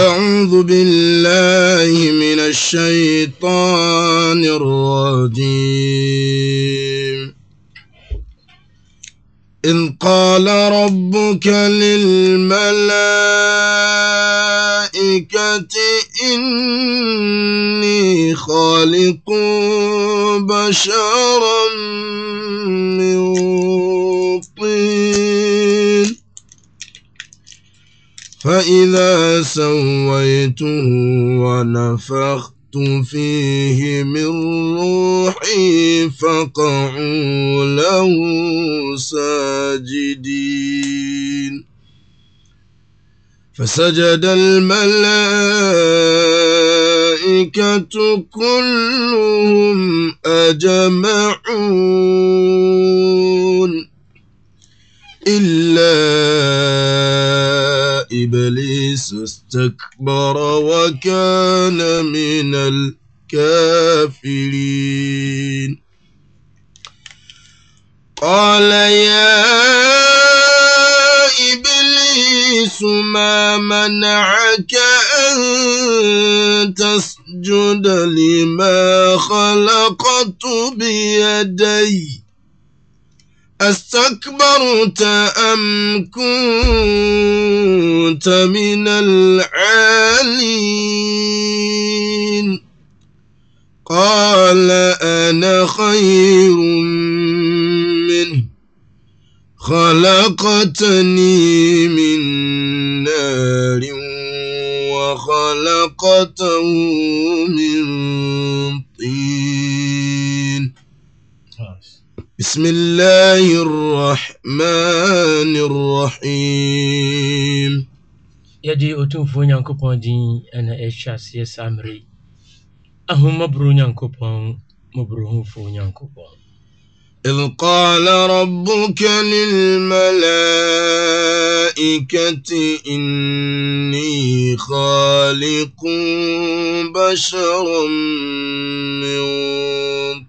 أعوذ بالله من الشيطان الرجيم إذ قال ربك للملائكة إني خالق بشرا من فإذا سويته ونفخت فيه من روحي فقعوا له ساجدين فسجد الملائكة كلهم أجمعون إلا إبليس استكبر وكان من الكافرين قال يا إبليس ما منعك أن تسجد لما خلقت بيدي أستكبرت أم كنت كنت من العالين قال أنا خير منه خلقتني من نار وخلقته من طين بسم الله الرحمن الرحيم yɛgye ɔtumfuo nyankopɔn din ɛna ɛhyɛ aseɛ saa mmere yi ahomaboro nyankopɔn mɔborohumfoɔ nyankopɔn إذ قال ربك للملائكة إني خالق بشرا من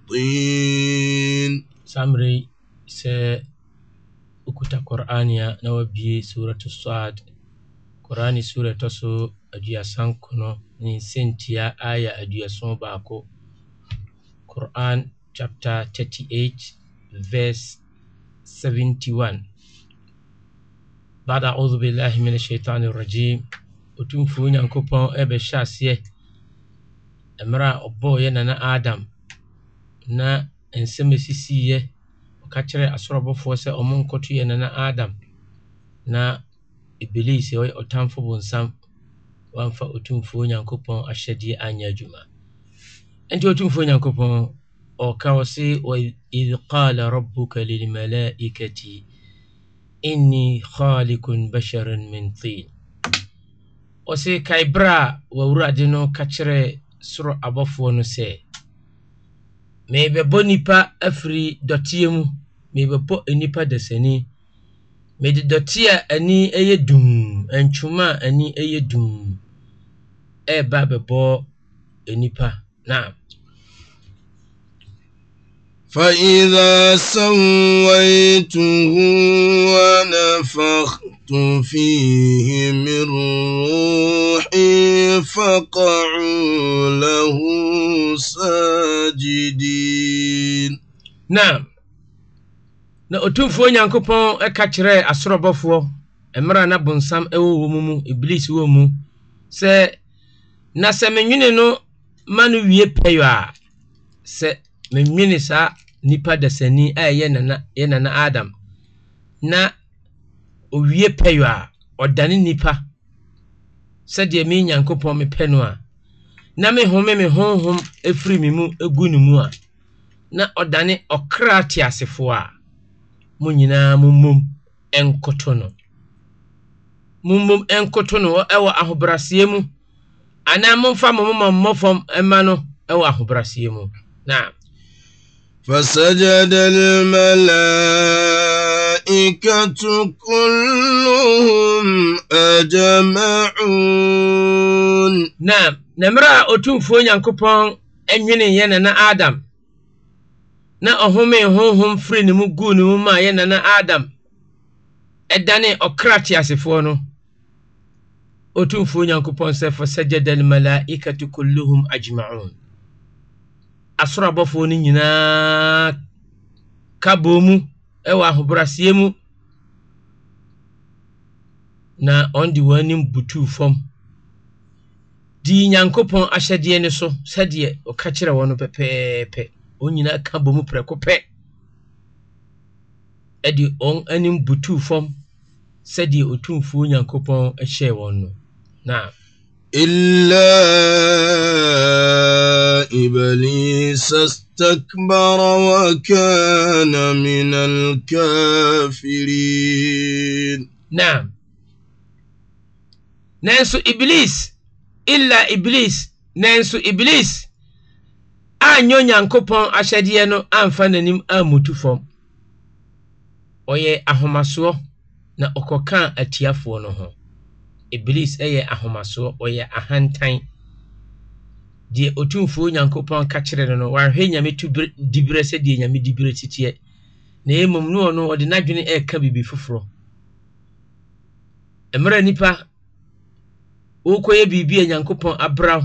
طين سامري سأكوتا قرآن يا نوبي سورة الصعد Korane sura ɛtɔ so aduasa nkron ne nsɛntia ayɛ aduason baako. Quran chapter 38 verse 71. Bada auzu billahi min shaitani rajim. Otumfuo Nyankopɔn ɛbɛhyɛ aseɛ mmerɛ a ɔbɔɔ yɛ nana Adam na nsɛm esisiiɛ ɔka kyerɛ asorɔbɔfoɔ sɛ ɔmo nkɔto yɛ nana Adam na ibilisi ɔyɛ ɔtamfo bonsam wamfa otumfuo nyankopɔn ahyɛdeɛ anyɛ adwuma nti otumfuo nyankopɔn ɔka wɔ se وإذ قال ربك للملائكة إني خالق بشرا من طين ɔse kae berɛ a wawurade no ka kyerɛ soro abɔfoɔ no sɛ merebɛbɔ nnipa afiri dɔteɛ mu merebɛbɔ nnipa dasani mede dɔte a ani yɛ dum ntwoma a ani yɛ dum ɛreba abɛbɔ nipa na فإذا سويته ونفخت فيه من روحي فقعوا له ساجدين نعم na ɔtumfuo nyankopɔn ɛka kyerɛɛ asorɔbɔfoɔ mmerɛ na bonsam ɛwɔ wɔ mu mu iblis wɔ mu sɛ na sɛ menwene no ma no wie pɛyɔ a sɛ menwene saa nipa dasani a ɛyɛ nana yɛ nana adam na owie pɛyɔ a ɔdane nipa sɛdeɛ me nyankopɔn mepɛ no a na mehome me honhom ɛfiri me mu ɛgu ne mu a na ɔdane ɔkra teasefoɔ a mo nyinaa mommom nkoto no mommom nkoto no ɛwɔ ahobrɛaseɛ mu anaa momfa mo moma mmɔfam mma no ɛwɔ ahobrɛaseɛ mu na فسجد الملائكة كلهم أجمعون نعم نمرأ أتوم فون ينكبون أنيني ينا آدم na ɔhome honhom firi ne mu guu ne mu ma yɛ nana adam ɛdane ɔkra teasefoɔ no ɔtumfuo nyankopɔn sɛ fasajada almalaikatu kulluhum ajmaun asoro abɔfoɔ no nyinaa kaboo mu ɛwɔ ahobraseɛ mu na ɔn de wɔn anim butuu fam dii nyankopɔn ahyɛdeɛ no so sɛdeɛ ɔka kyerɛ wɔn no pɛpɛɛpɛ wɔn nyinaa ka bɔ mu pɛ m wɔn anim butu fam sɛdeɛ otumfuo nyankopɔn hyɛɛ wɔn no na إلا إبليس wa kana من il l'a nanso illa anyɛ onyankopɔn ahyɛdeɛ no amfa n'anim ammutu fam ɔyɛ ahomasoɔ na ɔkɔkaa atiafoɔ no ho iblis yɛ ahomasoɔ ɔyɛ ahantan deɛ ɔtumfuo onyankopɔn ka kyerɛ no no wahwɛ nyame tu diberɛ sɛdeɛ nyame diberɛ titeɛ na mmom no ɔno ɔde n'adwene ɛka biribi foforɔ mmerɛ nipa wokɔyɛ biribi a nyankopɔn abraw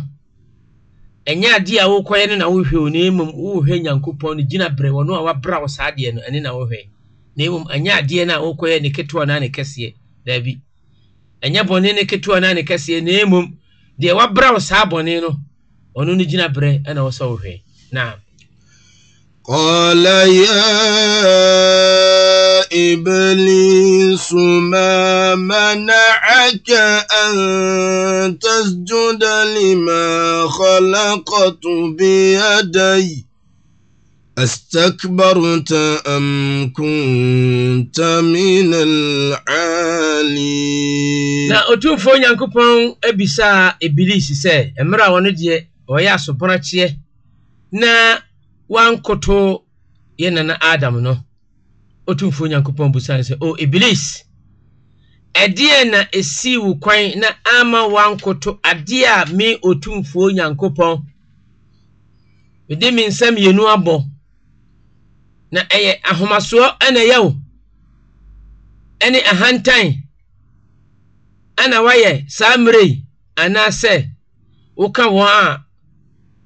ɛnyɛ adeɛ a wokɔyɛ no na wohwɛ o na mmom wohwɛ nyankopɔn no gyina berɛ wɔ no a wabrɛ wo saa adeɛ no ɛne na wohwɛ na mmom ɛnyɛ adeɛ no a wokɔyɛ ne ketewa no a ne kɛseɛ daabi ɛnyɛ bɔne ne ketewa no a ne kɛseɛ na mmom deɛ wabrɛ wo saa bɔne no ɔno no gyina berɛ ɛna wɔ sɛ wohwɛ na قال يا إبليس ما منعك أن تسجد لما خلقت بيدي أستكبرت أم كنت من العالين na otumfoɔ nyankopɔn abisa ibilisi sɛ mmerɛ a wɔno deɛ ɔyɛ asoborɔkyeɛ na wankoto yɛ nana adam no Otumfuo nyankopɔn busae sɛ o iblis ɛdeɛ na ɛsii wo kwan na ama wankoto adeɛ a me ɔtumfuo nyankopɔn mede me nsa mmienu abɔ na ɛyɛ ahomasoɔ ɛna ɛyɛ wo ɛne ahantan ɛna wayɛ saa mmerɛ yi anaasɛ woka wɔn a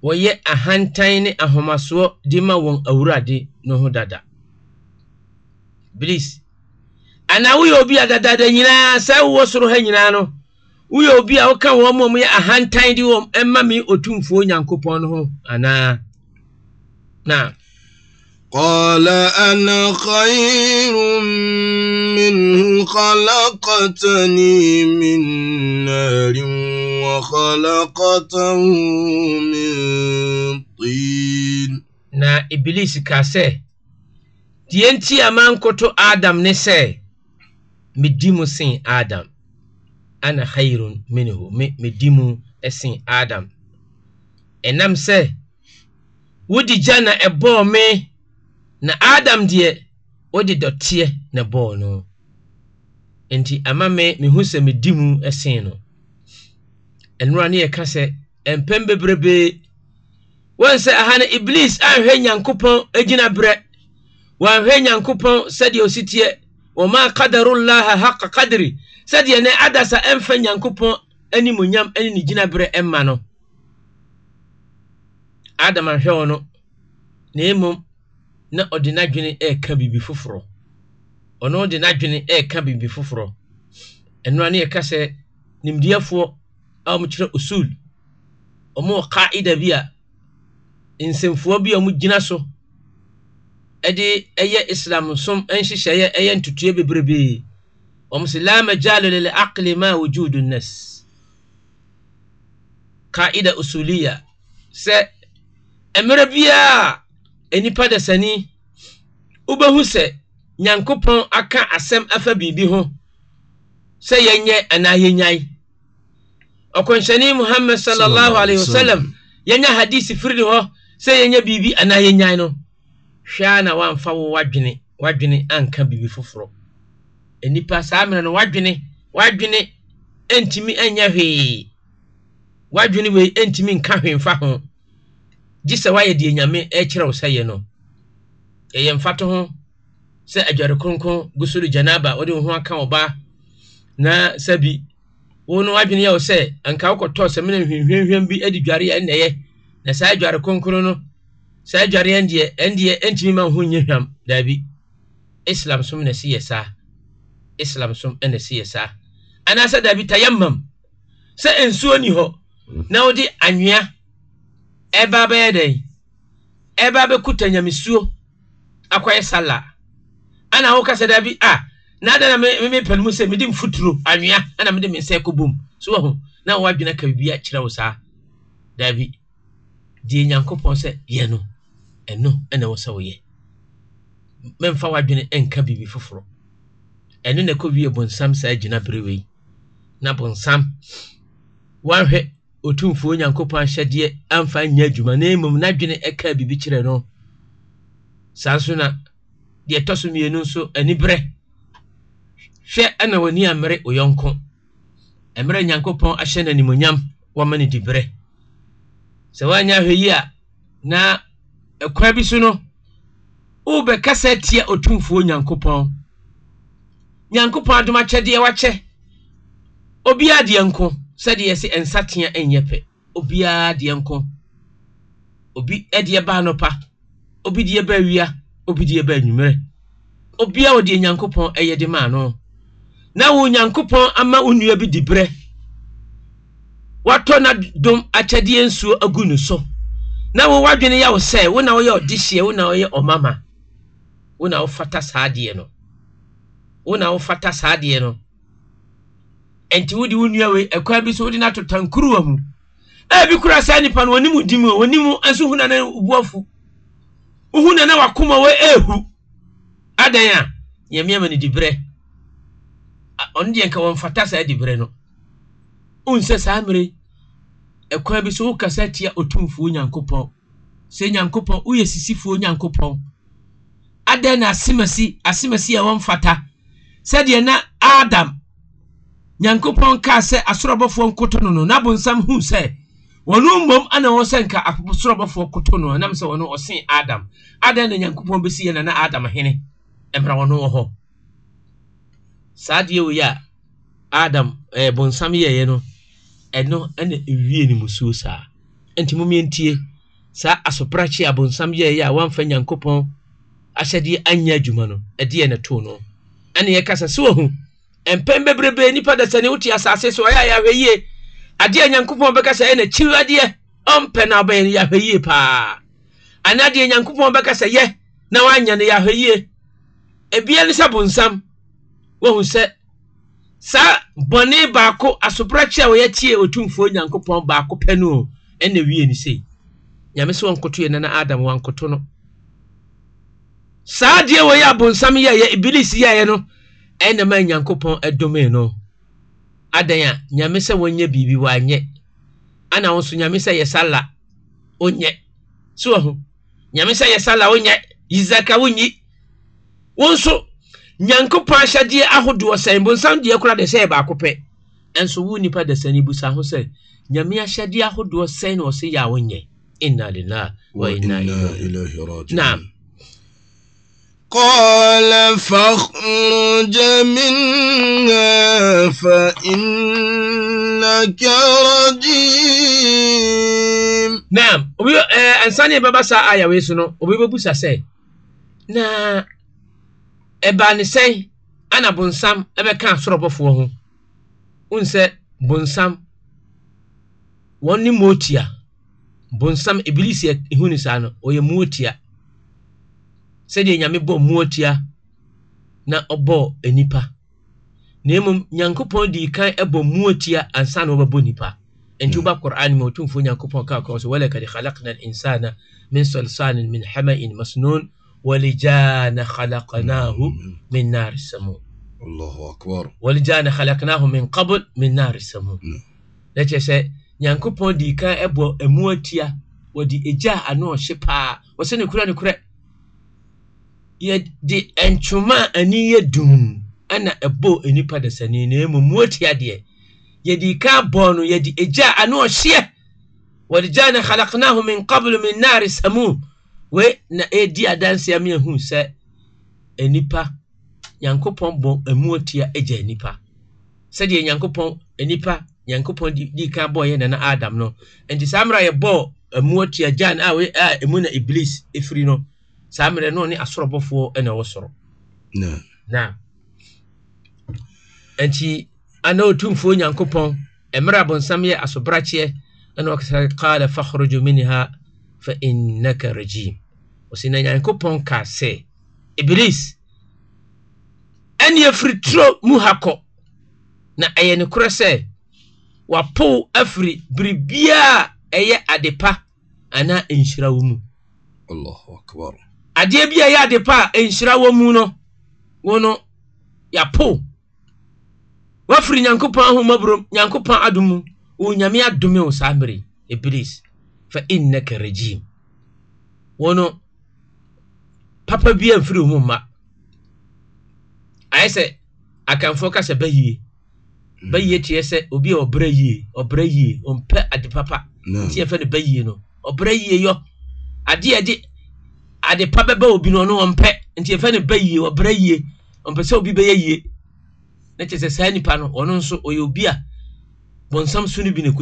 wɔyɛ ahantan ne ahomasoɔ de ma wɔn awurade no ho dada iblis anaa woyɛ obi a dadaada nyinaa saa wowɔ soro ha nyinaa no woyɛ obi a woka wɔn mmom yɛ ahantan de wɔm ɛma me otumfuo nyankopɔn no ho anaa na قال أنا خير منه خلقتني من نار وخلقته من طين نا إبليس كاسه deɛ nti a mankoto adam ne sɛ medi mu sen adam ana khairun minhu medi mu sen adam ɛnam sɛ wode gya na ɛbɔɔ me na adam deɛ wodi dɔteɛ na bɔɔ no nti ama me mehu sɛ medi mu sen no ɛnora ne yɛka sɛ mpɛn bebrebee wɔn sɛ aha no iblis anhwɛ nyankopɔn agyina berɛ wɔanhwɛ nyankopɔn sɛdeɛ ɔsiteɛ wɔma kadarullaha haka kadiri sɛdeɛ ne adasa ɛmfa nyankopɔn animonyam ne ne gyinaberɛ ɛmma no adam ahwɛ wɔ no na mmom na ɔde n'adwene ɛreka biribi foforɔ ɔno de n'adwene ɛreka biribi foforɔ ɛnora ne yɛka sɛ nimdeɛfoɔ a wɔkyerɛ usul wɔn wɔ kaida bi a nsɛmfoɔ bi a wɔgyina so de ɛyɛ islam som nhyehyɛeɛ ɛyɛ ntutuo bebrebe wɔn sɛ la majalo lil aqli ma wujudu nas kaida usuliya sɛ mmerɛ biara enipa dasani wobɛhu sɛ nyankopɔn aka asɛm afa biribi ho sɛ yɛnyɛ anaa yɛnyae ɔkɔnhyɛne muhammad sallallahu alaihi wasallam yɛnya hadisi firi hɔ sɛ yɛnyɛ biribi anaa yɛnyae no hwɛa na wamfa wo wadwene wadwene anka biribi foforɔ nnipa saa mmerɛ no wadwene wadwene ntumi nyɛ hwee wadwene wei ntumi nka hwee mfa ho gye sɛ woayɛ deɛ nyame ɛkyerɛ wo sɛ yɛ no ɛyɛ mfato ho sɛ adware kronkron gu so gyanaba wode wo ho aka wo ba na sɛbi wo no wadwene yɛ wo sɛ anka wokɔtɔɔ sɛ mena hwehwɛhwɛm bi adi dware a nnɛyɛ na saa adware kronkron no saa adware ɛndeɛ ɛndeɛ ɛntumi ma ho nyɛ hwam daabi islam som na si yɛ saa islam som ɛna si yɛ saa anaasɛ daabi tayamam sɛ nsuo ni hɔ na wode anwea ɛba bɛyɛ dɛn ɛba bɛkuta nyamesuo akɔyɛ sala ana woka sɛ daabi a na ada na mepɛ no mu sɛ mede mfuturo anwea ana mede me nsa kɔbom so wahu na woadwene ka biribi akyerɛ wo saa daabi deɛ nyankopɔn sɛ yɛ no ɛno ɛna ɛwɔ sɛ woyɛ mɛmfa w'adwene ɛnka biribi foforɔ ɛno na ɛkɔwie bonsam saa gyina bere wei na bonsam woahwɛ otumfuo nyankopɔn ahyɛdeɛ amfa nyɛ adwuma na mmom n'adwene ɛka biribi kyerɛ no saa nso na deɛ ɛtɔ so mmienu nso ani berɛ hwɛ ɛna w'ani ammere wo yɔnko mmerɛ nyankopɔn ahyɛ no animonyam wama no diberɛ sɛ woanyɛ ahwɛ yi a na ɛkwan bi so no wobɛkasa tia otumfuo nyankopɔn nyankopɔn adom akyɛdeɛ wakyɛ obiara deɛ nko sɛdeɛ yɛsɛ nsatea ɛnyɛ pɛ obiara deɛ nko obi ɛdeɛ baa nɔpa obi deɛ baa wia obi deɛ baa anwummerɛ obiara wɔ nyankopɔn ɛyɛ de maa no na wo nyankopɔn ama wo nnua bi di berɛ watɔ na dom akyɛdeɛ nsuo agu ne so na wo wadwene yɛ wo sɛ wo na woyɛ ɔde hyeɛ wo na woyɛ ɔmama wo na wofata saa adeɛ no wo na wofata saa adeɛ no ɛnti wode wo nua wei ɛkwa bi so wode no atota nkuruwa mu ebi kura saa nipa no wɔnim di mu o wɔnim nso hu na na buafu wohu nana na wakoma wɔ ehu adan a yɛmmeɛma no diberɛ ɔno deɛ nka wɔmfata saa diberɛ no wonsɛ saa mmere ɛkwan bi so wokasa tia otumfuo nyankopɔn sɛ nyankopɔn woyɛ sisifuo nyankopɔn adɛn na asemasi asemasi a wɔmfata sɛdeɛ na adam nyankopɔn kaa sɛ asorɔbɔfoɔ nkoto no no n'abonsam hu sɛ wɔn mmom ana wɔn sɛ nka asorɔbɔfoɔ koto no nam sɛ wɔn ɔsen adam adɛn na nyankopɔn bɛsi yɛ nana adam hene mmerɛ wɔn wɔ hɔ saa deɛ wei a adam ɛɛ eh, bonsam yɛeɛ no ɛno ɛna ewie ne musuo saa nti mu mmientie saa asoprakye abonsam yɛɛyɛ a wɔamfa nyankopɔn ahyɛdeɛ anya adwuma no ɛdeɛ na to no ɛne yɛkasa sɛ wahu mpɛn bebrebee nipa da sɛne wote asase so ɔyɛ a yɛahwɛ yie adeɛ nyankopɔn bɛka sɛ ɛna kyiwadeɛ ɔmpɛ na wobɛyɛ no yɛahwɛ yie paa anaa deɛ nyankopɔn bɛka yɛ na woanyɛ no yɛahwɛ yie ebia sɛ bonsam wahu sɛ sa bɔne baako asoprɛkye a wɔyɛ tie otumfuo nyankopɔn baako pɛ no o ɛna wie ne sei nyame sɛ wankoto yɛ nana adam wankoto no saa deɛ wɔyɛ abonsam yɛyɛ ibilis yɛyɛ no ɛna ma nyankopɔn ɛdomee no adan a nyame sɛ wɔnyɛ biribi wanyɛ ana wo nso nyame sɛ yɛ sala wonyɛ so wɔ ho nyame sɛ yɛ sala wonyɛ yizaka wonyi wo nso nyankopɔn ahyɛdeɛ ahodoɔ sɛn bonsam deɛ kora de sɛ yɛ baako pɛ ɛnso wo nipa da sani busa ho sɛ nyame ahyɛdeɛ ahodoɔ sɛn na ɔsɛ yɛ a wonyɛ inna lillah wa inna ilaihi rajiun قال فاخرج منها فإنك رجيم نعم أنساني بابا سا آية ويسنو أبي بابا سا سي na ɛbaa ne sɛn ɛna bonsam ɛbɛka asorɔbɔfoɔ ho n sɛ bonsam wɔn ne mootia bonsam ebilisi ihu ne saa no ɔyɛ mootia sɛdeɛ nyame bɔ mootia na ɔbɔ nipa na mmom nyankopɔn dii kan ɛbɔ mootia ansa na ɔbɛbɔ nipa nti hmm. woba qur'an mu ɔtumfoɔ nyankopɔn kaa kɔn so walakad khalakna al insana min salsalin min hamain masnun ولجان خلقناه من نار السموم الله اكبر ولجان خلقناه من قبل من نار السموم لكي سي نيانكوبون دي كان ابو امواتيا ودي اجا انو شيبا وسني كورا نكورا يا دي اني يدوم انا ابو اني بادا سني نيمو موتيا دي يا كان بونو يا اجا انو شيبا ولجان خلقناه من قبل من نار السموم wei na Edi adanseɛ mi ehu sɛ enipa nyankopɔn bɔ ɛmuo tia agya enipa sɛdeɛ nyankopɔn nnipa nyankopɔn di di kan bɔɔ yɛ nana adam no nti saa mmerɛ yɛ bɔɔ ɛmuo tia gyan a wei a ɛmu na iblis efiri no saa mmerɛ no ne asorɔbɔfoɔ ɛna ɛwɔ soro na nti ana otumfuo nyankopɔn mmerɛ abonsam yɛ asobrakyeɛ ɛna ɔkasa kaala fakhruju minha fa innaka rajim ɔsi na nyankopɔn kaa sɛ iblis ɛne afiri turo mu ha na ɛyɛ no korɛ sɛ wapow afiri biribiaa ɛyɛ ade pa anaa nhyira wɔ mu adeɛ bi a ɛyɛ ade pa a nhyira wɔ mu no wo no yɛapow woafiri nyankopɔn ahomabrom nyankopɔn adom mu ɔnyame adome wo saa mmere iblis fa innaka rajim wɔno papa bi amfiri mu mma ayɛ sɛ akamfoɔ ka sɛ bɛyie bɛyie teɛ sɛ obi a ɔbrɛ yie ɔbrɛ yie ɔmpɛ papa nti yɛfɛ no bɛyie no ɔbrɛ yie yɔ adi adi, ade pa bɛbɛ obi no ɔno ɔmpɛ nti yɛfɛ no bɛyie ɔbrɛ yie ɔmpɛ obi bɛyɛ yie na kyerɛ sɛ saa nipa no ɔno nso ɔyɛ obi a bɔnsam so no bi na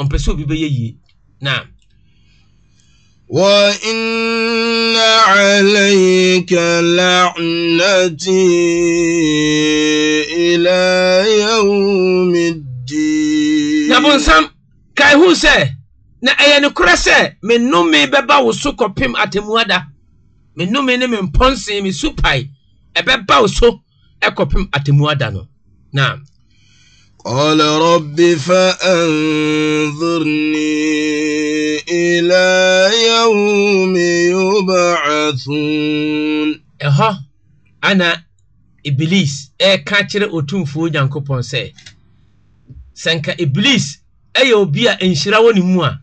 ɔmpɛ sɛ obi bɛyɛ yie na وإن عليك لعنتي إلى يوم الدين نبونسام كاي هو سي na ɛyɛ nokorɛ sɛ me nnome bɛba wo so kɔpem atemmuada me nnome ne me mpɔnse me supae ɛbɛba wo so ɛkɔpem atemmuada no na قال رب فأنظرني إلى يوم يبعثون أها أنا إبليس ɛka kyerɛ otumfuo nyankopɔn sɛ sɛ nka iblis ɛyɛ obi a nhyira wɔ ne mu a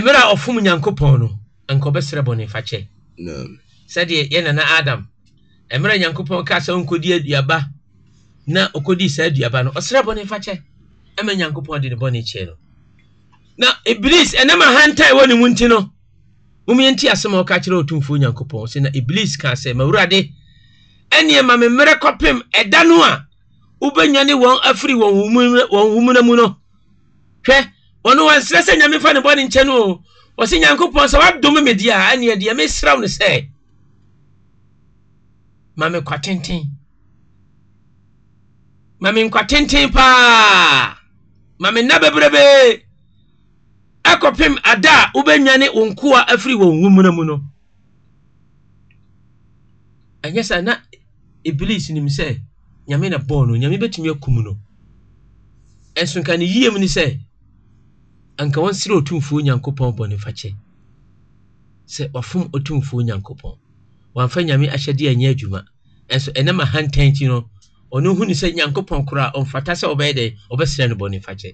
mmerɛ a ɔfom nyankopɔn no anka ɔbɛsrɛ bɔne fakyɛ sɛdeɛ yɛ nana adam mmerɛ nyankopɔn ka sɛ wonkɔdi aduaba na ɔkɔdii saa aduaba no ɔsrɛ bɔne fa kyɛ ɛma nyankopɔn de ne bɔne kyɛ no na iblis ɛnam ahanta ɛwɔ ne mu nti no momeɛnti asɛm a ɔka kyerɛ ɔtumfuo nyankopɔn sɛ na iblis kaa sɛ mawurade ɛneɛ ma me mmerɛ kɔpem ɛda no a wobɛnyane wɔn afiri wɔn homuna mu no hwɛ ɔno wɔnsrɛ sɛ nyame fa ne bɔne nkyɛ no o ɔsɛ nyankopɔn sɛ woadome me deɛ a ɛneɛ deɛ mesrɛ no sɛ ma me kwatenten mami nkwa tenten paa mami me nna bebrebe ɛkɔpem ada a wobɛnwane wo nkoa afiri wɔ nwomuna mu no ɛnyɛ sɛ na iblis nim sɛ nyame na bɔɔ no nyame bɛtumi akum no ɛnso nka ne yie mu ne sɛ anka wɔnsere ɔtumfuo nyankopɔn bɔne fakyɛ sɛ wafom ɔtumfuo nyankopɔn wamfa nyame ahyɛdeɛ ɛnyɛ adwuma ɛnso ɛnam ahantan nti no ɔno hu ne sɛ nyankopɔn koro ɔmfata sɛ ɔbɛyɛ dɛ ɔbɛsrɛ no bɔne fakyɛ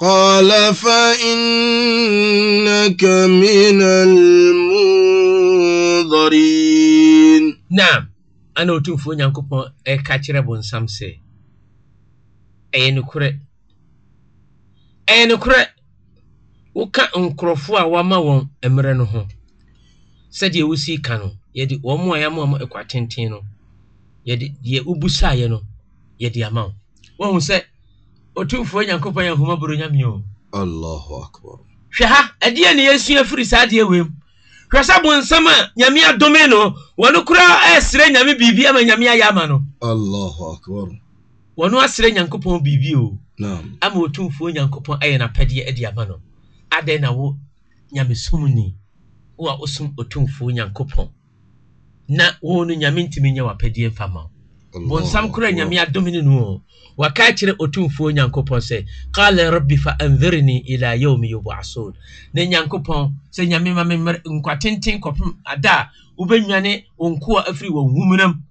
قال فإنك من المنظرين نعم أنا أتوفو نيانكو بون أكاتر بون سامسي أي نكرة أي نكرة وكا انكرفوا وما وان أمرنهم سدي وسي كانوا yɛde wɔn mu a yɛama wɔn ɛkwa tenten no yɛde deɛ wobusaeɛ no yɛde ama wo woahu sɛ ɔtumfoɔ nyankopɔn yɛ ahomaboro nyame o allahu akbar hwɛ ha ɛdeɛ ne yɛsua firi saa deɛ wei mu hwɛ sɛ bonsɛm a nyame adome no wɔno koraa ɛsrɛ nyame biribi ama nyame ayɛ ama no allahu akbar wɔno asrɛ nyankopɔn biribi o ama ɔtumfoɔ nyankopɔn ayɛ napɛdeɛ adi ama no adɛn na wo nyamesomni wo a wosom ɔtumfoɔ nyankopɔn na wo no nyame ntumi nyɛ wapɛdeɛ mfa ma wo bonsam kora nyame adome no no o waka kyerɛ otumfuo nyankopɔn sɛ qala rabbi fa anzirni ila yaumi yub'asun ne nyankopɔn sɛ nyame ma me nkwatenten kɔpem ada a wobɛnwane wo nkoa afiri wɔ nwumunam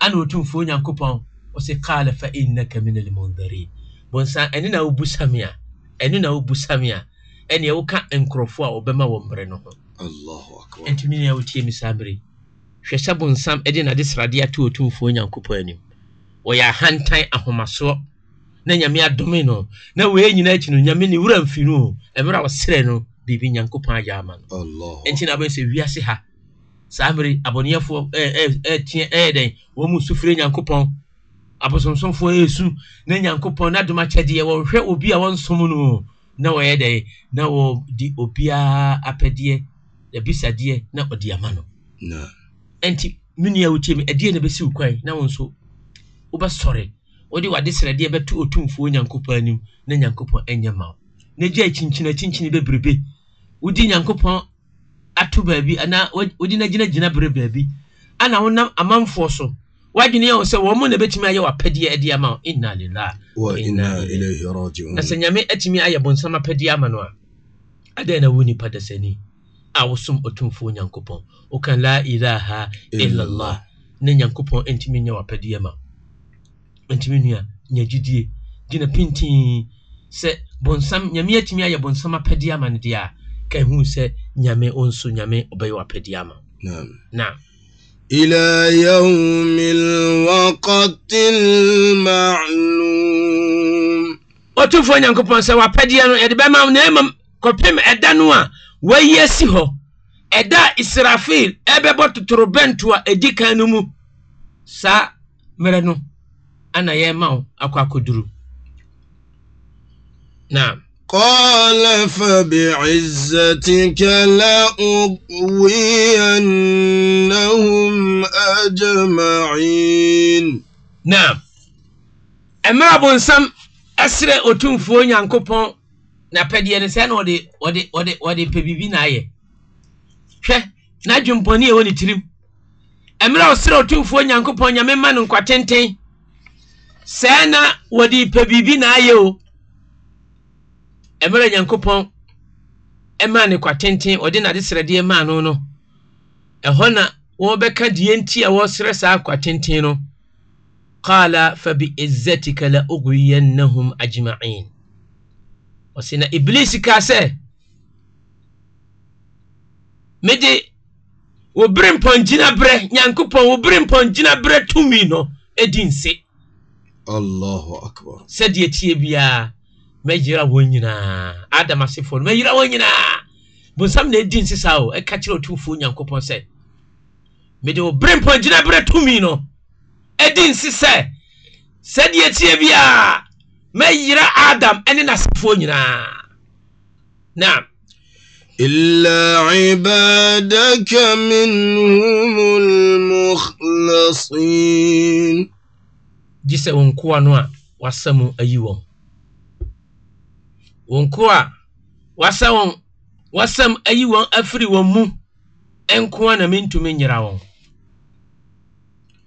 ana otumfuo nyankopɔn ɔsɛ qala fa innaka min almunzirin bonsan ɛne na wobu same a ɛno na wobu same a ɛneɛ woka nkurɔfoɔ a wɔbɛma wɔ mmerɛ no ho ɛntumi nea wotie me saa mmere hwɛ sɛ bonsam de nade srade ato otumfuo nyankopɔn anim wɔyɛ ahantan ahomasoɔ na nyame adome no na wei nyinaa akyi no nyame ne wura mfi no mmerɛ a ɔserɛ no biribi nyankopɔn ayɛ ama no ɛnti na abɛsɛ wiase ha saa mmere abɔneɛfoɔ ɛteɛ ɛyɛ dɛn wɔn mu sufire nyankopɔn abosomsomfoɔ ɛsu na nyankopɔn na adom akyɛdeɛ wɔhwɛ obi a wɔnsom no na wɔyɛ dɛn na wɔdi obiara apɛdeɛ abisadeɛ na ɔde ama no nti me nua wotie me ɛdeɛ na bɛsi wo kwan na wo nso wobɛsɔre wode wade srɛdeɛ bɛto otumfuo nyankopɔn anim na nyankopɔn ɛnyɛ ma wo na gya kyinkyini akyinkyin bebrebe wodi nyankopɔn ato baabi anaa wodi na gyinagyina berɛ baabi ana wonam amanfoɔ so wadwene yɛ wo sɛ wɔn mu na bɛtumi ayɛ wapɛdeɛ ɛde ama wo inna lillah wa inna ilaihi rajiun na sɛ nyame atumi ayɛ bonsam apɛdeɛ ama no a adɛn na wo nipa dasani a wosom ɔtumfuo nyankopɔn wokan la ilaha illallah ne nyankopɔn ntumi nyɛ wapɛdeɛ ma ntumi nua nya gyidie gyina pintii sɛ bonsam nyame atumi ayɛ bonsam apɛdeɛ ama no deɛ a ka hu sɛ nyame wo nso nyame ɔbɛyɛ wapɛdeɛ ama na إلى يوم الوقت المعلوم. وتفوا نكون سوا بديانو يدبما نعم كوبيم أدانوا wɔayi asi hɔ ɛda israfil ɛbɛbɔ totorobɛnto a ɛdi kan no mu saa mmerɛ no ana yɛrema wo akɔ akɔduru na قال فبعزتك لأغوينهم أجمعين نعم أمرا بونسام أسرع أتوم فوني أنكو na pɛdeɛ no sɛ na ɔde ɔde ɔde ɔde pɛ biribi na ayɛ hwɛ n'adwimpɔni a ɛwɔ ne tirim mmerɛ a ɔtumfuo nyankopɔn nyame ma no nkwa tenten sɛɛ na wɔde pɛ biribi na ayɛ o mmerɛ nyankopɔn ɛmaa ne kwa tenten ɔde n'ade sradeɛ maa no no ɛhɔ na wɔbɛka deɛ nti a wɔsrɛ saa kwa tenten no قال فبعزتك لأغوينهم أجمعين ɔsi na iblis ka sɛ mede wobere mpɔngyina berɛ nyankopɔn wobere mpɔngyina berɛ tumi no ɛdi nse sɛdeɛ tie biara mɛyera wɔn nyinaa adam asefoɔ no mɛyera wɔn nyinaa bonsam na ɛdi nse saa o ɛka kyerɛ ɔtumfoɔ nyankopɔn sɛ mede wobere mpɔngyina berɛ tumi no ɛdi nse sɛ sɛdeɛ tie biara mɛyera adam ɛne n'asefoɔ nyinaa na إلا عبادك منهم المخلصين gye sɛ wo nkoa no a wasa mu ayi wɔn wo nkoa wasa wɔn wasam ayi wɔn afiri wɔn mu nkoa na mentumi nyera wɔn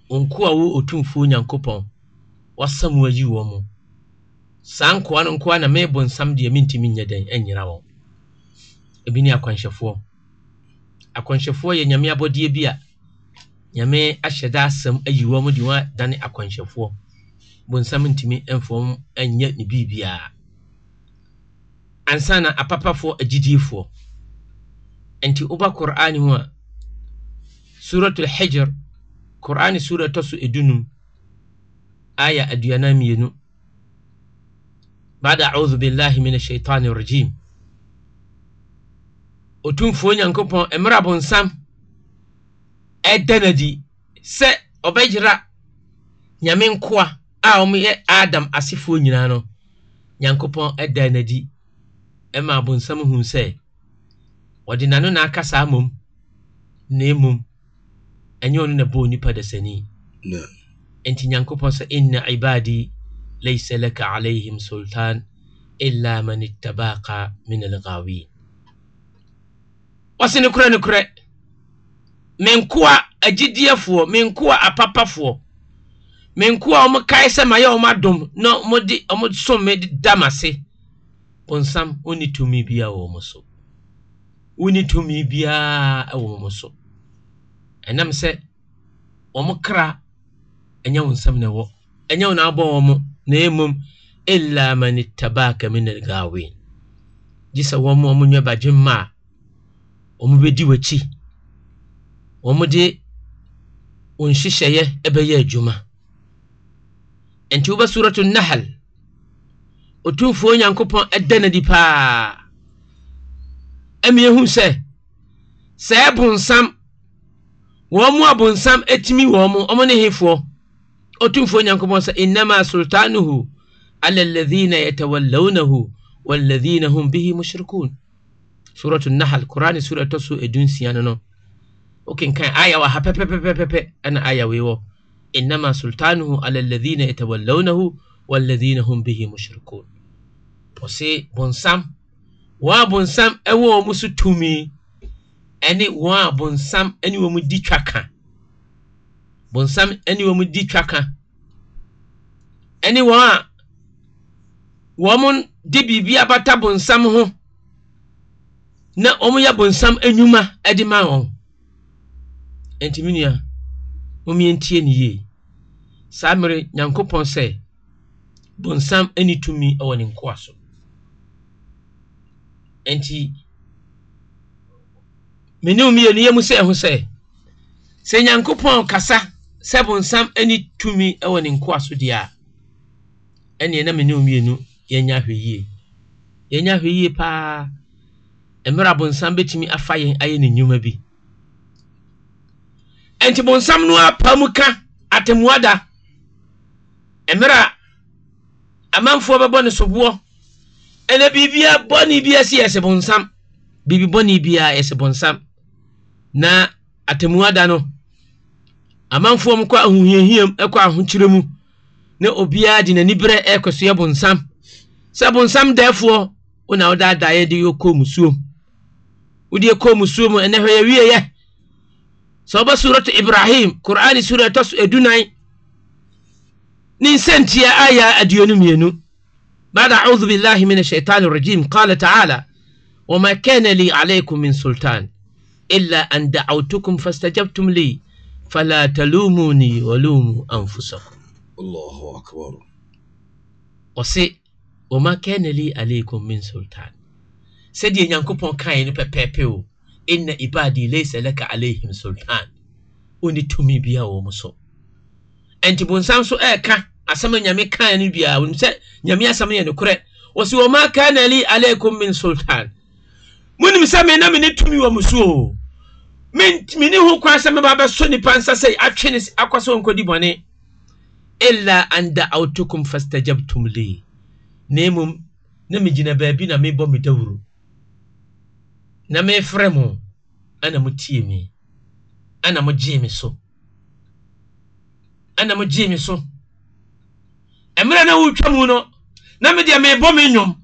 wo nkoa wo otumfuo nyankopɔn wasam ayi saa nkoa no nkoa na meebɔ nsam deɛ mentumi nyɛ dɛn anyera wɔn ebi ne akwanhyɛfoɔ akwanhyɛfoɔ yɛ nyame abɔdeɛ bi a nyame ahyɛ da asɛm ayi wɔn mu de wɔn adane akwanhyɛfoɔ bonsam ntumi mfom anyɛ ne biribiara ansa na apapafoɔ agyidiefoɔ nti woba qur'an mu a suratul hijr qur'an sura tɔ so edunum aya aduanan mmienu bada a'udhu billahi minash shaitani rajim otumfuo nyankopɔn mmerɛ abonsam ɛda no adi sɛ ɔbɛgyera nyame nkoa a ɔmoyɛ adam asefoɔ nyinaa no nyankopɔn ɛda no adi ma abonsam hu sɛ ɔde n'ano na aka saa mmom na mmom ɛnyɛ ɔno na bɔɔ nipa dasani enti nyankopɔn sɛ inna ibadi ليس لك عليهم سلطان إلا من اتباك من الغاوين wɔsi nokorɛ nokorɛ menkoa agyidiefoɔ menkoa apapafoɔ menkoa ɔmo kae sɛ ma yɛ ɔmo adom na ɔmo de ɔmo som me da ma se bonsam woni tumi biara wɔ ɔmo so woni tumi biara ɛwɔ ɔmo so ɛnam sɛ ɔmo kra ɛnyɛ wɔn nsam na ɛwɔ ɛnyɛ wɔn abɔ wɔn mo na mmom illa man ittabaka min algawin gye sɛ wɔn a wɔnyɛ bagye mma a wɔbɛdi w'akyi wɔde wɔn nhyehyɛeɛ bɛyɛ adwuma nti wobɛ suratu nahal otumfuo nyankopɔn ɛda no adi paa ɛmeɛ hu sɛ sɛ ɛbonsam wɔn mu abonsam atumi wɔn mo ɔmo ne hefoɔ otumfo nyankopɔn sɛ innama sultanuhu ala alladhina yatawallawnahu walladhina hum bihi mushrikun surat nahal qur'ani sura tɔ so edunsia no no wokenkan aya wɔ ha pɛpɛpɛpɛpɛ ɛna aya wei wɔ innama sultanuhu ala alladhina yatawallawnahu walladhina hum bihi mushrikun ɔse bonsam wɔn a bonsam ɛwɔ mu so tumi ɛne wɔn a bonsam ɛne mu di twa ka bonsam ne wɔn di twaka ne wɔn a wɔn de biribi abata bonsam ho na wɔyɛ bonsam nnwuma de ma wɔn ntumi nua wɔn ntie ne yie saa mmere nyankopɔn sɛ bonsam ne tumi wɔ ne nkoa so nti mene mu mmienu yɛ mu sɛ ɛho sɛ sɛ nyankopɔn kasa sɛ bonsam ne tumi wɔ ne nkoa so deɛ a ɛneɛ na mene mmienu yɛnya ahwɛ yie yɛnya ahwɛ yie paa mmerɛ a bonsam bɛtumi afa yɛn ayɛ ne nnwuma bi ɛnti bonsam no apa mu ka atemmuada mmerɛ a amanfoɔ bɛbɔ ne soboɔ ɛna biribia bɔne bia si yɛsɛ bonsam biribi bɔne biaa yɛsɛ bonsam na atemmuada no amanfoɔ mu kɔ ahohiahiam kɔ ahokyerɛ mu ne obiara de n'ani berɛ ɛkɔ so yɛ bonsam sɛ bonsam dɛɛfoɔ wona wodaadaeɛ de yɛkɔ musuom wode kɔ musuo mu ɛnɛ hwɛ yɛwieyɛ sɛ wobɛ surat ibrahim qur'ane sura ɛtɔ so adunan ne nsɛntia aya aduonu mmienu بعد أعوذ بالله من الشيطان الرجيم قال تعالى وما كان لي عليكم من سلطان إلا أن دعوتكم فاستجبتم لي fala talumuni walumu anfusakum Allahu akbar ɔse wɔma kana li aleikum min sultan sɛdeɛ nyankopɔn kaeɛ no pɛpɛɛpɛ o inna ibadi laysa laka alaihim sultan woni tumi bia wɔ mo so ɛnti bonsam so ɛɛka asɛm a nyame kaeɛ no biaa wonim sɛ nyame asɛm no yɛ nokorɛ ɔse wɔma kana aleikum min sultan monim sɛ me mene tumi wɔ mo so o mene ho kwan sɛ meba bɛsɔ nipa nsa sɛ atwe ne akɔ sɛ ɔnkɔdi bɔne illa anda autukum fastajabtum li na mmom na megyina baabi na mebɔ me dawuro na mefrɛ mo ana motie me ana mogyee me so ana mogyee me so mmerɛ na woretwa mu no na medeɛ mebɔ me nnwom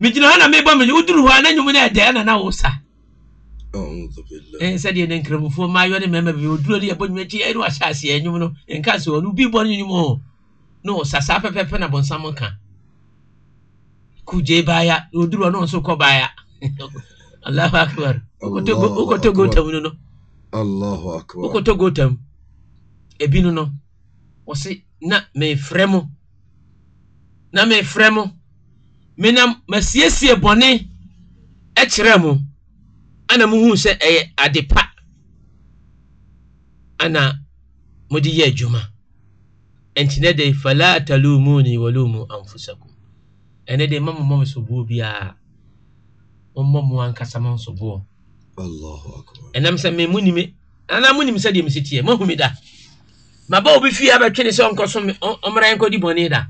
megyina hɔ na mebɔ me woduru hɔ a na nnwom no ɛdɛɛ na na wosa Eh, sɛdeɛ ne nkramofoɔ maayɔ ne mmarima bi ɔduro ne yɛbɔ nwuma akyi ɛne wahyɛ aseɛ anwom no ɛnka sɛ ɔno bi bɔ no nwum o na ɔsasaa pɛpɛpɛ na bɔnsam ka kugye baaya ɔduro ɔno nso kɔ baaya allahu akbar wokɔtɔ gotam no no wokɔtɔ gotam ebi no no wɔse na mefrɛ mo na mefrɛ mo menam masiesie bɔne ɛkyerɛ mo ana muhu sɛ ɛyɛ ade pa ana mode yɛ adwuma ɛnti nɛ de fala talumuni walumu anfusakum ɛnɛ de mama mama soboɔ biara ɔmmɔ mo ankasa ma nsoboɔ ɛnam sɛ me munimi anaa munim sɛdeɛ mesi teɛ mahu me da maba obi fie abɛtwe ne sɛ ɔnkɔso me ɔmmra nkɔdi bɔne da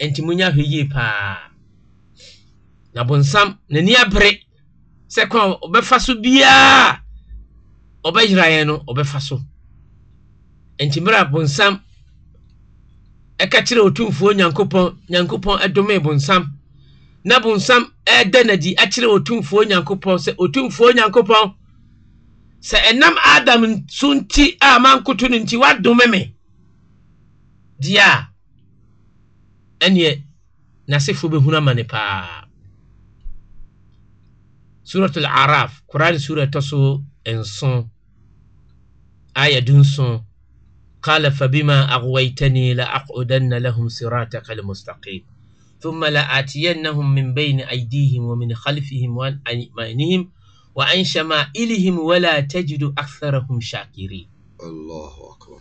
ɛnti munya ahwɛ yie paa na bonsam n'ani abere sɛ kwan ɔbɛfa so biara ɔbɛyera yɛn no ɔbɛfa so nti mmerɛ a bonsam ɛka kyerɛ otumfuo nyankopɔn nyankopɔn ɛdome bonsam na bonsam ɛɛda n'adi akyerɛ otumfuo nyankopɔn sɛ otumfuo nyankopɔn sɛ ɛnam adam so nti a mankoto no nti wadome me deɛ a ɛneɛ n'asefoɔ bɛhunu ama ne paa سورة العراف قرآن سورة تسو إنسان آية دونسون قال فبما أغويتني لأقعدن لهم صراطك المستقيم ثم لآتينهم من بين أيديهم ومن خلفهم وعن أيمانهم وعن شمائلهم ولا تجد أكثرهم شاكرين الله أكبر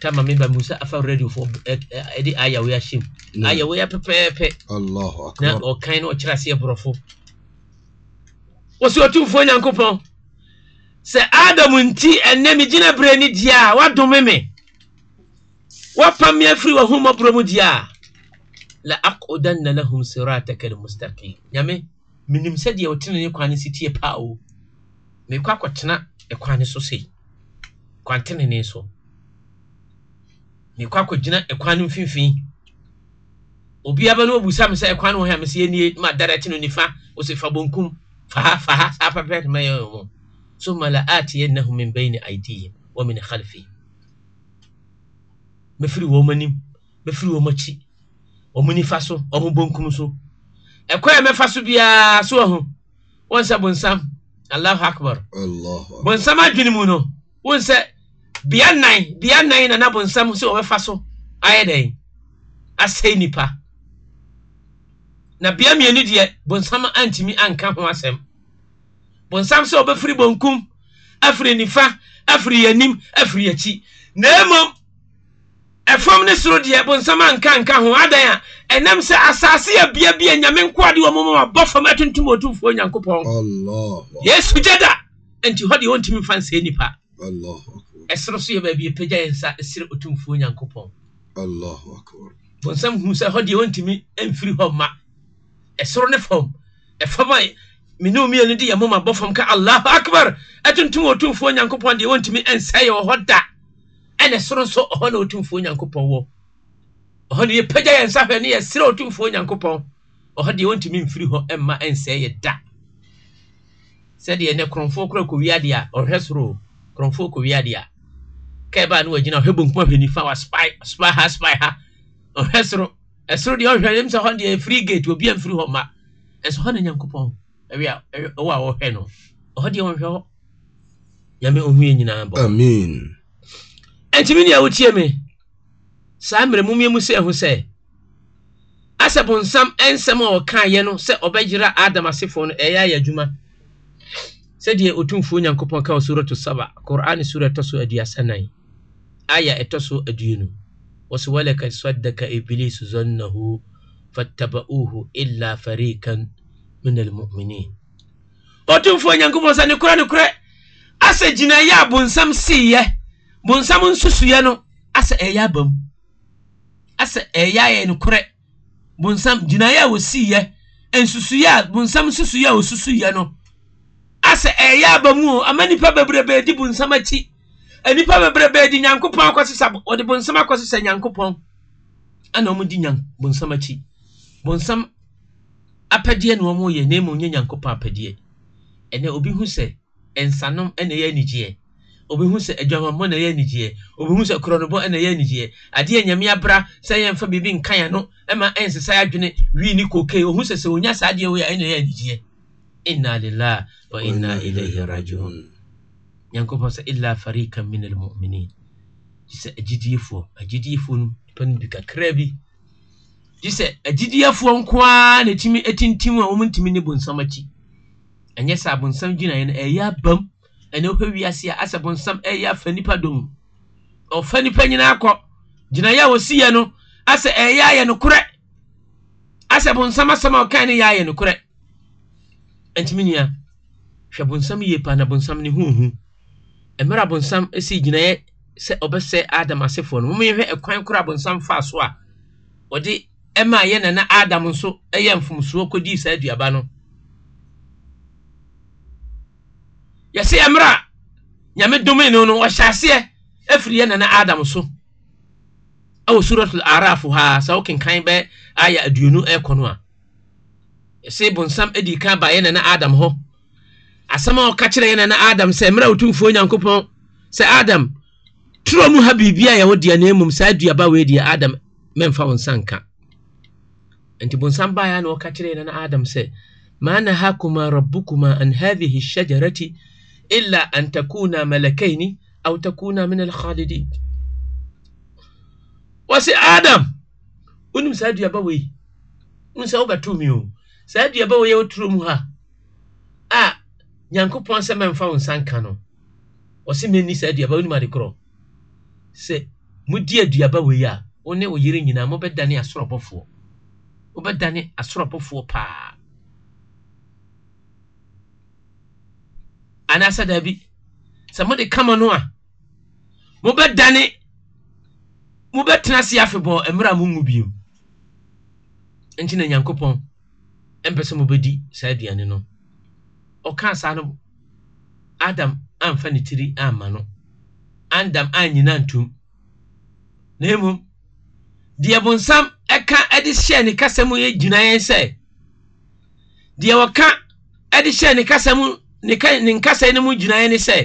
كما من موسى أفرد أدي آية ويا شيم آية ويا بي الله أكبر نعم وكاين وشراسي برفو wɔsi otumfuo nyankopɔn sɛ adam nti ɛnɛ me gyina berɛ ni deɛ a wadome me wapam me afiri wahomɔborɔ mu deɛ a la aqodanna lahum sirataka almustaqim nyame menim sɛdeɛ wɔtene ne kwan si tie paa o mekɔ akɔtena ɛkwan so sei kwantene ne so mekɔ akɔgyina ɛkwan no mfimfini obiaba no wabusa me sɛ ɛkwan no wɔ hɛ me sɛ yɛnie ma darɛte no nifa wo se fa bonkum fa ha fa ha saa pɛpɛ tuma yɛ wɔn wɔn so mala ati yɛ nahu min bɛyi ni aidihim wa min khalfihim mɛfiri wɔn anim mɛfiri wɔn akyi wɔn nifa so wɔn bonkum so ɛkwan a mɛfa so biara so wɔ ho wɔn sɛ bonsam allahu akbar bonsam adwene mu no wɔn sɛ bea nan bea nan na na bonsam sɛ wɔn bɛfa so ayɛ dɛn asɛe nipa na bea mmienu deɛ bonsam antumi anka ho asɛm bonsam sɛ ɔbɛfiri bonkum afiri nifa afiri anim afiri akyi na mmom ɛfam ne soro deɛ bonsam anka nka ho adan a ɛnam sɛ asase a bia bi a nyame nkoade wɔ moma wabɔ fam atuntum ɔtumfoɔ nyankopɔn yesu gya da nti hɔ deɛ ɔntumi fa nsɛe nipa ɛsoro so yɛ baabi ɛpagya yɛ nsa ɛsere ɔtumfoɔ nyankopɔn bonsam hu sɛ hɔ deɛ ɔntumi ɛmfiri hɔ mma ɛsoro ne fam ɛfam a mene mmienu de yɛ bɔ fam ka allahu akbar ɛtontom ɔtumfoɔ nyankopɔn deɛ wɔntumi ɛnsɛe wɔ hɔ da ɛne soro nso ɔhɔ na ɔtumfoɔ nyankopɔn wɔ ɔhɔ ne yɛpagya yɛ nsa hwɛ ne yɛserɛ ɔtumfoɔ nyankopɔn ɔhɔ deɛ wɔntumi mfiri hɔ ɛmma ɛnsɛe da sɛdeɛ ne korɔmfoɔ kora kɔwiade a ɔhwɛ soro korɔmfoɔ kɔwiade a kɛbaa ne wagyina ɔhwɛ bonkum ahwɛ nifa waspy ha spy ha ɔhwɛ soro ɛsoro deɛ ɔhwɛ ɛm sɛ hɔ deɛ free gate obi amfiri hɔ ma ɛso hɔ ne nyankopɔn ɛwɛ a ɛwɔ a wɔhwɛ no ɔhɔ deɛ ɔhwɛ hɔ nyame ɔhuɛ nyinaa bɔ amen ɛntimi nea wotie me saa mmerɛ mumie mu sɛ ɛho sɛ asɛ bonsam ɛnsɛm a ɔkaeɛ no sɛ ɔbɛgyera adam asefoɔ no ɛyɛ ayɛ adwuma sɛdeɛ ɔtumfuo nyankopɔn ka wɔ suratu saba quran sura ɛtɔ so aduasa nan aya ɛtɔ so aduonu wasu walaka saddaka iblisu zannahu fattaba'uhu illa fariqan min almu'minin ɔtumfoɔ nyankopɔn sɛ ne korɛ ne korɛ asɛ gyina yɛ a bonsam siiɛ bonsam nsusuyɛ no asɛ ɛyɛ e aba mu asɛ ɛyɛ e ayɛ ne korɛ bonsam gyina yɛ a wɔsiiyɛ nsusuyɛ a bonsam nsusuyɛ a wɔsusuyɛ no asɛ ɛyɛ e aba mu o ama nipa bebrebe di bonsam akyi nnipa bebree bɛɛ di nyankopɔn akɔsesa wɔde bonsam akɔsesa nyankopɔn ɛna wɔn di nyan bonsam akyi bonsam apɛdeɛ na wɔn yɛ na emu nye nyankopɔn apɛdeɛ ɛnɛ obi hu sɛ nsanom ɛna ɛyɛ anigyeɛ obi hu sɛ adwamammɔ na ɛyɛ anigyeɛ obi hu sɛ korɔnobɔ na ɛyɛ anigyeɛ adeɛ nyame abra sɛ yɛmfa biribi nka yɛn no ɛma ɛnsesa adwene wii ne koke ohu sɛ sɛ onya saa adeɛ wei a ɛna ɛyɛ anigyeɛ inna lillahi wa inna ilaihi rajiun nyankopɔn sɛ illa farika min almuminin gye sɛ agyidiefoɔ agyidiefoɔ no nipa no bi kakraa bi gye sɛ agyidiefoɔ nko ara na ɛtumi atintim a wɔntumi ne bonsam akyi ɛnyɛ sɛ abonsam gyinaeɛ no ɛyɛ abam ɛna wohwɛ wiase a asɛ bonsam ɛyɛ afa nipa dɔm ɔfa nipa nyinaa kɔ gyinaeɛ a wɔsiyɛ no asɛ ɛyɛ ayɛ nokorɛ asɛ bonsam asɛm a ɔkae no yɛ ayɛ nokorɛ ɛntumi nua hwɛ bonsam yie pa na bonsam ne huhu mmerɛ abonsam si gyinaeɛ sɛ ɔbɛsɛ adam asefoɔ no mommɛhwɛ ɛkwan koro abonsam faa so a ɔde ɛma yɛ nana adam nso ɛyɛ mfomsoɔ kɔdii saa aduaba no yɛse mmerɛ a nyame domee no no ɔhyɛ aseɛ afiri yɛ nana adam so ɛwɔ suratul araf ha sɛ wokenkan bɛ aya aduonu ɛkɔ no a yɛse bonsam adi ka ba yɛ nana adam hɔ asɛm a ɔka kyerɛ yɛ na adam sɛ mmerɛ ɔtumfuo nyankopɔn sɛ adam turo mu ha biribia yɛwo deɛ na mmom saa aduaba wei deɛ adam mɛmfa wo nsa nka nti bonsam baeɛ na ɔka kyerɛ yɛ na adam sɛ ma nahakuma rabbukuma an hadhihi shajarati illa an takuna malakaini aw takuna min alkhalidin wɔse adam wonim saa aduaba wei wonim sɛ wobɛtomi o saa aduaba wei yɛwo turo mu ha nyankopɔn sɛ mɛmfa wo nsa no ɔse menni saa aduaba wonim ade korɔ sɛ modi aduaba wei a wo ne wo yere nyinaa mobɛdane asorɔbɔfoɔ wobɛdane asorɔbɔfoɔ paa anaasɛ daabi sɛ mode kama no a mobɛdane mobɛtena ase afebɔɔ mmerɛ a monwu biom nti na nyankopɔn ɛmpɛ sɛ mobɛdi saa aduane no ɔkaa saa no adam amfa ne tiri amma no andam anyina ntom na mmom deɛ bonsam ɛka ɛde hyɛ ne kasa mu yɛ gyina yɛn sɛ deɛ wɔka ɛde hyɛ ne kasa mu ne nkasa no mu gyina yɛn ne sɛ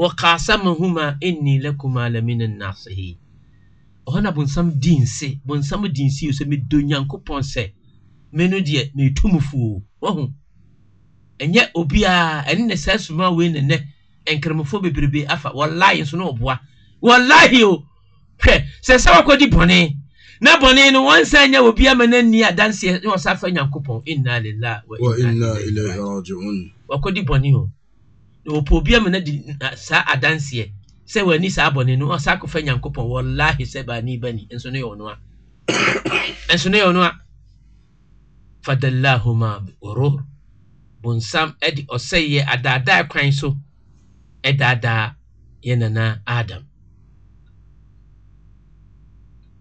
wɔkasamahuma inni lakuma lamina nasihin ɔhɔ na bonsam di nse bonsam di nse yi sɛ medɔ nyankopɔn sɛ me no deɛ metumfuo wahu ɛnyɛ obiara ɛne ne saa suma wei ne nɛ nkramofo bebrebe afa wɔlae nso na ɔboa wɔlae o hwɛ sɛ sɛ wakɔdi bɔne na bɔne no wɔnsa nyɛ obi ama no ani adanseɛ ne ɔsa fa nyankopɔn inna lillah wakɔdi bɔne o na wɔpɛ obi ama no di saa adanseɛ sɛ wani saa bɔne no ɔsa akɔfa nyankopɔn wɔlae sɛ baani bani nso ne yɛ ɔno nso ne yɛ ɔno a fadallahuma bonsam de ɔsɛeɛ adaadaa kwan so daadaa yɛ nana adam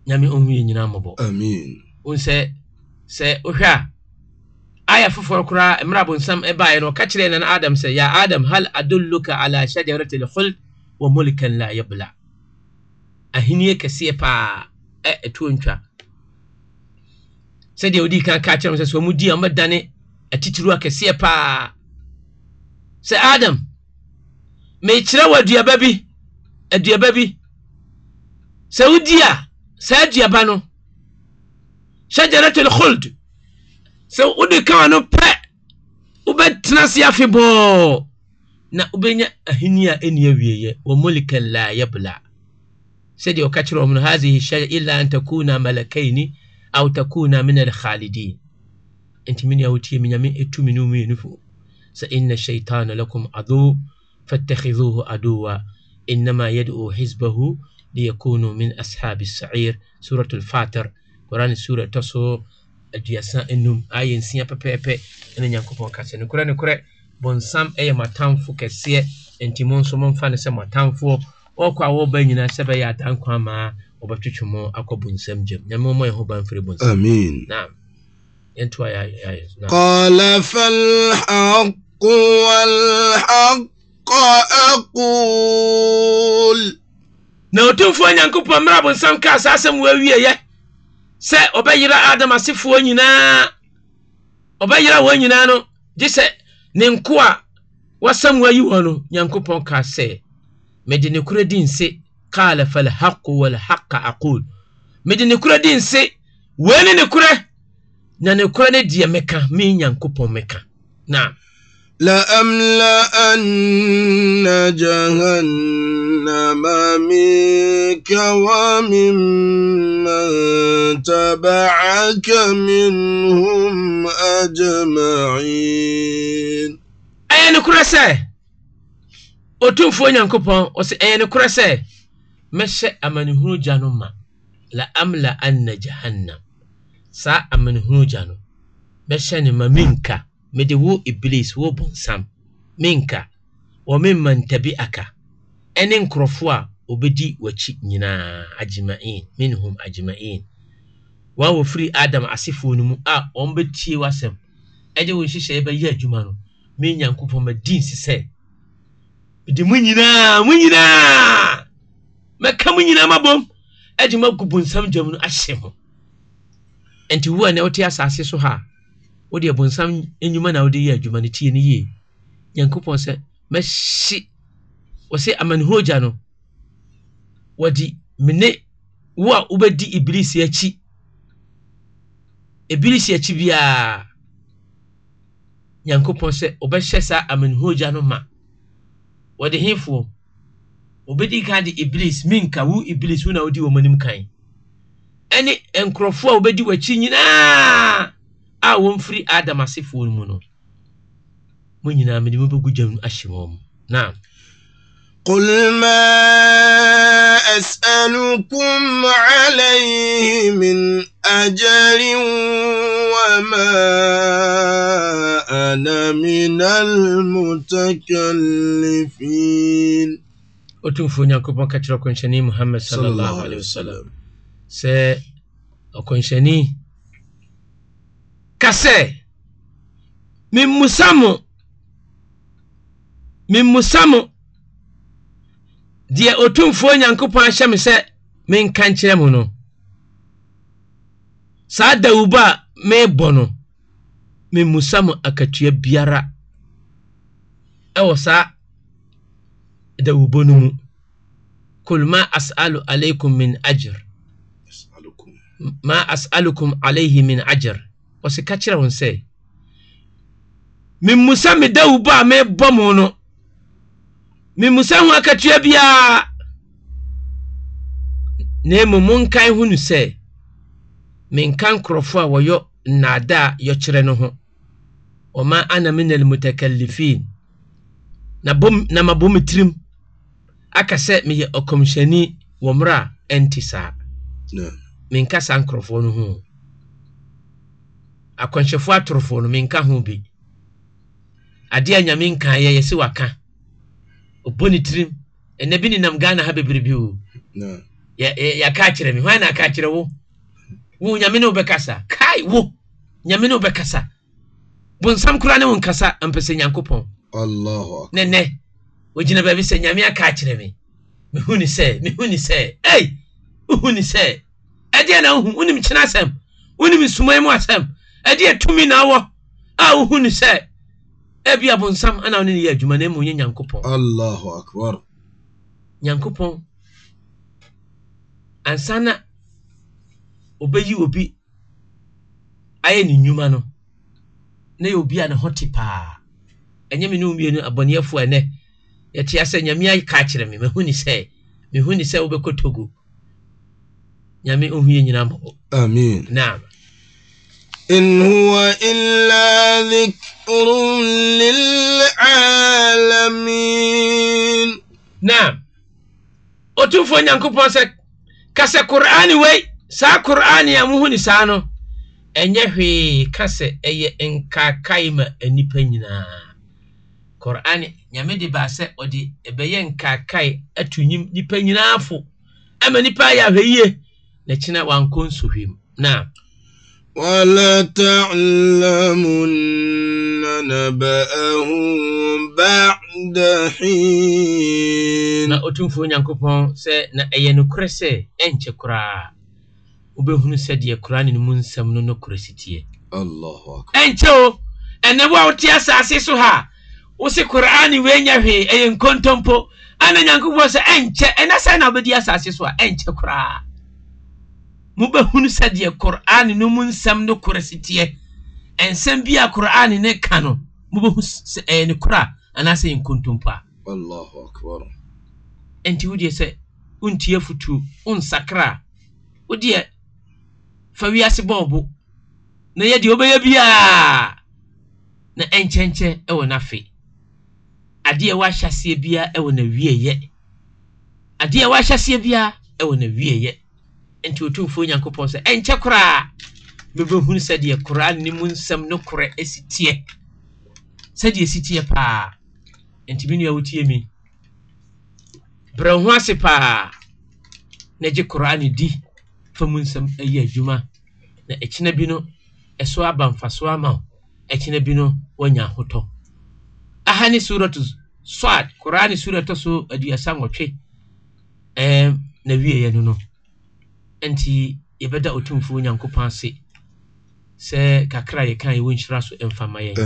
nyame ɔhu yɛ nyina mmɔbɔ wo sɛ sɛ wohwɛ a aya foforɔ koraa mmerɛ bonsam baeɛ no ɔka kyerɛɛ nana adam sɛ ya adam hal adulluka ala shajarat lhuld wa mulkan la yabla ahenniɛ kɛseɛ paa ɛtuo ntwa sɛdeɛ wodii kan ka kyerɛ m sɛ sɛ ɔmudi a ɔmɛdane atitiriw akɛseɛ paa sɛ adam mekyerɛ wɔ aduaba bi aduaba bi sɛ wodi a saa aduaba no shajaratul khuld sɛ wode kawa no pɛ wobɛtena se afebɔɔ na wobɛnya ahenni a ɛni awieɛ wɔ molikan la yabla sɛdeɛ ɔka kyerɛ wɔ m no hadhihi shajara illa an takuna malakaini aw takuna min alkhalidin ɛntimi ne a wotie me nyame ɛtumi no mmienu fo sɛ inna shaitana lakum ado fattakhidhuhu adowa innama yad'u hizbahu liyakunu min ashabi sair surat alfatir fatir quran sura taso aduasa enum ayɛ nsia pɛpɛɛpɛ ɛna nyankopɔn ka sɛ nokorɛ nokorɛ bonsam ɛyɛ matamfo kɛseɛ nti mo nso momfa no sɛ matamfoɔ ɔkɔ a wɔba nyinaa sɛ bɛyɛ adankwa maa wɔbɛtwetwe mo akɔ bonsam gyam nyame ɔmmɔ yɛ ho ba mfiri bonsam amen naam into ayé. kọ́lá fẹ́lẹ́hàkú wàlhàkọ́ ẹ̀kúl. na otumfuo nyankopɔn mmerɛ abonsam kaa saa asɛm wɔawieɛ sɛ ɔbɛyera adam asefoɔ nyinaa ɔbɛyera wɔn nyinaa no gye sɛ ne nko a wasɛm wayi wɔ no nyankopɔn kaa sɛ mede ne korɛ di nse kala falhaqu walhaqa aqul mede ne korɛ di nse wei ne ne korɛ na nokorɛ ne deɛ meka me nyankopɔn meka na لأملأن جهنم منك وممن تبعك منهم أجمعين أي نكرة سي أتوفو نكبون أي نكرة سي مشى أمن هو جانوما لأملأن جهنم saa amanehunu gya no bɛhyɛ ne ma menka mede wo iblis wo bonsam menka wɔmemma ntabi aka ɛne nkurɔfoɔ a wɔbɛdi w'akyi nyinaa agyimain minhum agyimain wɔn a wɔfiri adam asefoɔ no mu a wɔn bɛtie w'asɛm ɛgye wo nhyehyɛeɛ bɛyɛ adwuma no me nyankopɔn madi nsi sɛ mede mu nyinaa mu nyinaa mɛka mu nyinaa mabom agye magu bonsam dwam no ahyɛ mo nti wo a na wote asase so ha wode abonsam nnwuma na wode yɛ adwuma no tie no yie nyankopɔn sɛ mɛhye wɔsɛ amanehogya no wɔde mene wo a wobɛdi iblis akyi iblis akyi biaa nyankopɔn sɛ wɔbɛhyɛ saa amanehogya no ma wɔde hefoɔ wɔbɛdi ka de iblis minka wo iblis wo na wodi wɔ manim kan ne nkurɔfoɔ a wɔbɛdi w'akyi nyinaa a wɔmfiri adam asefoɔ no mu no mo nyinaa mede mobɛgu gyam ahyɛ wɔn mu na قل ما أسألكم عليه من أجر وما أنا من المتكلفين أتوفوا نكبر كتر كنشني محمد صلى الله عليه وسلم sɛ ɔkɔnhyɛni ka sɛ mimmusa mo mimmusa mo deɛ otumfuo nyankopɔn ahyɛ me sɛ menka nkyerɛ mo no saa dawuba a merebɔ no mimmusa mo akatua biara ɛwɔ saa dawubo no mu kul as'alu alaikum min ajr ma as'alukum alayhi min ajr ɔsi kachira kyerɛ wɔn sɛ mimusa mi dawu bɔ a mebɔ mu no mimusa ho akatua biara na emu mu nkan ho nu sɛ menka nkurɔfoɔ a wɔyɔ nnaadaa yɔkyerɛ no ho ɔma ana min almutakallifin na bom na mabɔ me tirim aka sɛ meyɛ ɔkɔmhyɛni wɔ mmerɛ a ɛnte saa menka saa nkurɔfoɔ no ho akwanhyɛfoɔ atorofoɔ no menka ho bi adeɛ a nyame nkaeɛ yɛsɛ waka ɔbɔ ne tirim ɛnɛ bi nenam ghana ha bi o yɛka kyerɛ me hwan na aka kyerɛ wo wo nyame ne wobɛkasa kai wo nyame ne wobɛkasa bonsam koraa ne wo nkasa mpɛ sɛ nyankopɔn nɛnɛ ogyina baabi sɛ nyame aka kyerɛ me mehu ne sɛ mehu ne sɛ ei wohu ni sɛ ɛdeɛ na wohu wonim kyena asɛm wonim suman mu asɛm ɛdeɛ tumi na wɔ a wohu no sɛ ebi abonsam ana wone ne yɛ adwuma na mu yɛ nyankopɔn allahu akbar nyankopɔn ansa na ɔbɛyi obi ayɛ ne nnwuma no na yɛ obi a ne ho te paa ɛnyɛ me ne mmienu abɔneɛfoɔ ɛnɛ yɛte sɛ nyame ka akyerɛ me mahuni sɛ mehu sɛ wobɛkɔ togo nyame ɔhu yɛ nyina mmɔbɔ amin naam in huwa illa dhikrun lilalamin naam ɔtumfoɔ nyankopɔn sɛ ka sɛ qur'ane wei saa qur'ane a mohu ne saa no ɛnyɛ hwee ka sɛ ɛyɛ nkaakae ma nnipa nyinaa qur'ane nyame de baa sɛ ɔde ɛbɛyɛ nkaakae ato nyim nnipa nyinaa fo ama nnipa ayɛ ahwɛ yie n'akyi na wankɔ nsuhwim na ولتعلمن نبأه بعد حين na ɔtumfoɔ nyankopɔn sɛ na ɛyɛ nokorɛ sɛ ɛnkyɛ koraa wobɛhunu sɛdeɛ koraa ne no mu nsɛm no nokorɛ siteɛ ɛnkyɛ o ɛnɛ wo a wote asase so ha wo se koraane weanya hwee ɛyɛ nkontompo ana nyankopɔn sɛ ɛnkyɛ ɛnɛ sɛ na wobɛdi asase so a mobɛhunu sɛdeɛ kor'ane no mu nsɛm no korɛseteɛ nsɛm bi a kor'ane ne ka no mobɛhu ɛyɛ ne korɔ anaasɛ yɛ nkontompo a ɛnti wodeɛ sɛ wontie afotuo wonsakra a wodeɛ fa wiase bɔɔbo na yɛ deɛ wobɛyɛ biaa na ɛnkyɛnkyɛn ɛwɔ n'afe adeɛ wahyɛ aseɛ biara ɛwɔ na wieyɛ adeɛ wahyɛ aseɛ ɛwɔ na wieyɛ nti otumfuo nyankopɔn sɛ ɛnkyɛ koraa mebɛhunu sɛdeɛ koraa ne mu nsɛm no korɛ asi teɛ sɛdeɛ si teɛ paa nti me nua wotie mi brɛ ho ase paa na gye koraa ne di fa mu nsɛm ayi adwuma na ɛkyena bi no ɛso aba mfaso ama wo ɛkyena bi no woanya ahotɔ aha ne suratu swad koraa ne suratɔ so aduasa nwɔtwe ɛɛm na wieɛ no no nti yɛbɛda otumfuo nyankopɔn ase sɛ kakra yɛka yɛwɔ nhyira so mfama yɛn